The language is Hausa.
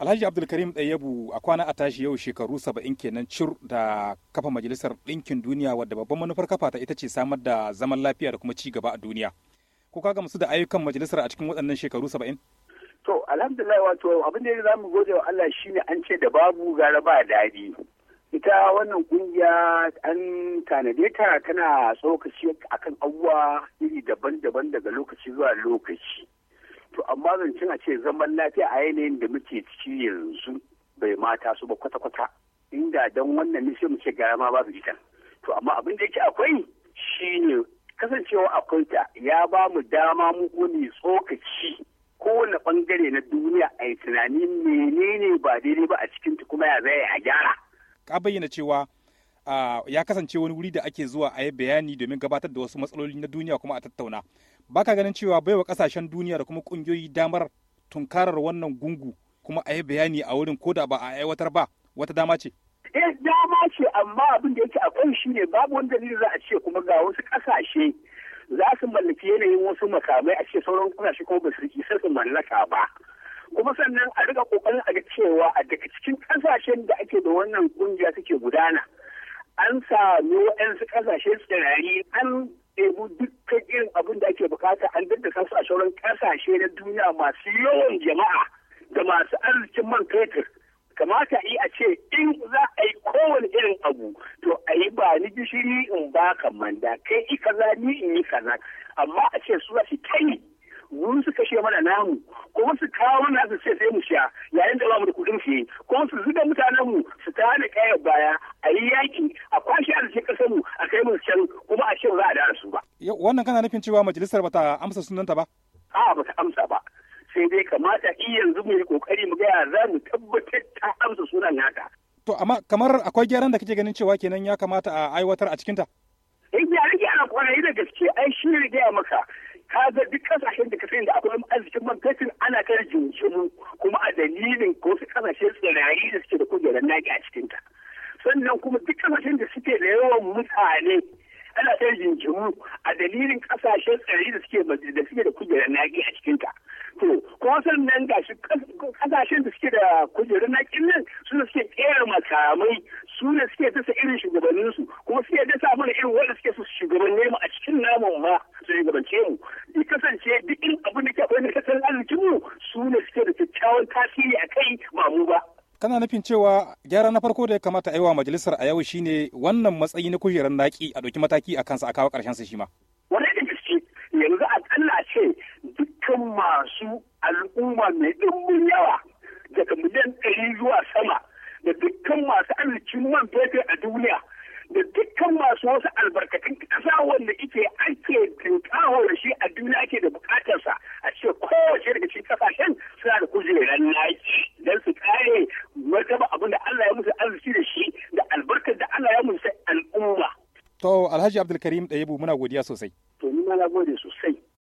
Alhaji Abdulkarim Ɗayyabu a kwana a tashi yau shekaru saba'in kenan cir da kafa majalisar ɗinkin duniya wadda babban manufar kafa ta ita ce samar da zaman lafiya da kuma ci gaba a duniya. Ko ka gamsu da ayyukan majalisar a cikin waɗannan shekaru saba'in? To alhamdulillah wato abin da za mu gode wa Allah ne an ce da babu gara ba daɗi. Ita wannan kungiya an tanade ta tana tsokaci kan abubuwa iri daban-daban daga lokaci zuwa lokaci. to amma zancen a ce zaman lafiya a yanayin da muke ciki yanzu bai mata su ba kwata-kwata inda dan wannan ne sai mu ce gara ma babu ita to amma abin da yake akwai shi ne kasancewa akwai ta ya ba mu dama mu wani tsokaci kowane bangare na duniya a yi tunani menene ba daidai ba a cikin kuma ya zai a gyara ka bayyana cewa ya kasance wani wuri da ake zuwa a yi bayani domin gabatar da wasu matsaloli na duniya kuma a tattauna baka ganin cewa baiwa kasashen duniya da kuma kungiyoyi damar tunkarar wannan gungu kuma a yi bayani a wurin ko da ba a aiwatar ba wata dama ce eh dama ce amma abin da yake akwai shine babu wani dalili za a ce kuma ga wasu kasashe za su mallaki yanayin wasu makamai a ce sauran kasashe kuma ba su riki sai su mallaka ba kuma sannan a riga kokarin a ga cewa a daga cikin kasashen da ake da wannan kungiya suke gudana an samu waɗansu su tsirari an ɗebu dukkan irin abin da ake bukata an daddasa su a sauran ƙasashe na duniya masu yawan jama'a da masu arzikin man fetur kamata yi a ce in za a yi kowane irin abu to a yi ba ni gishiri in ba ka manda kai i ni in yi kaza amma a ce su za su kai mun su kashe mana namu ko su kawo mana su ce sai mu sha yayin da babu kudin da kuɗin siye kuma su zuba mutanen mu su ta hana kaya baya a yi yaƙi a kwashe arziki kasar mu a kai mu can kuma a shin za a dara su ba. wannan kana nufin cewa majalisar bata amsa sunanta ba. a ba ta amsa ba sai dai kamata in yanzu mu yi kokari mu gaya za mu tabbatar ta amsa sunan nata. to amma kamar akwai gyaran da kake ganin cewa kenan ya kamata a aiwatar a cikinta. in eh, gyare gyara kwanayi da gaske ai shi ne gaya maka ga duk kasashen da ka sani da akwai arzikin man fetur ana kai jinjinu kuma a dalilin ko su kasashe tsirayi da suke da kujerar naki a cikinta sannan kuma duk kasashen da suke da yawan mutane ana kai jinjimu a dalilin kasashen tsirayi da suke da suke da kujerar naki a cikinta to kuma sannan ga shi kasashen da suke da kujerar naki nan su ne suke kera makamai su ne suke dasa irin shugabanninsu kuma suke dasa mana irin wanda suke su shugabanne mu a cikin namun ma su shugabance mu kasance duk irin abin da ke akwai na tattalin arzikinmu su ne suke da kyakkyawan tasiri a kai ba mu ba. Kana nufin cewa gyara na farko da ya kamata a yi wa majalisar a yau shine wannan matsayi na kujerar naki a ɗauki mataki a kansa a kawo ƙarshen sa shi ma. Wani da gaske yanzu a Allah ce dukkan masu al'umma mai ɗumbin yawa daga miliyan ɗari zuwa sama da dukkan masu arzikin man fetur a duniya da dukkan masu wasu albarkatu kujeran naki don su kare martaba abin da Allah ya musu arziki da shi da albarkar da Allah ya musu al'umma. To Alhaji Abdulkarim Ɗayebu muna godiya sosai. To ni ma gode sosai.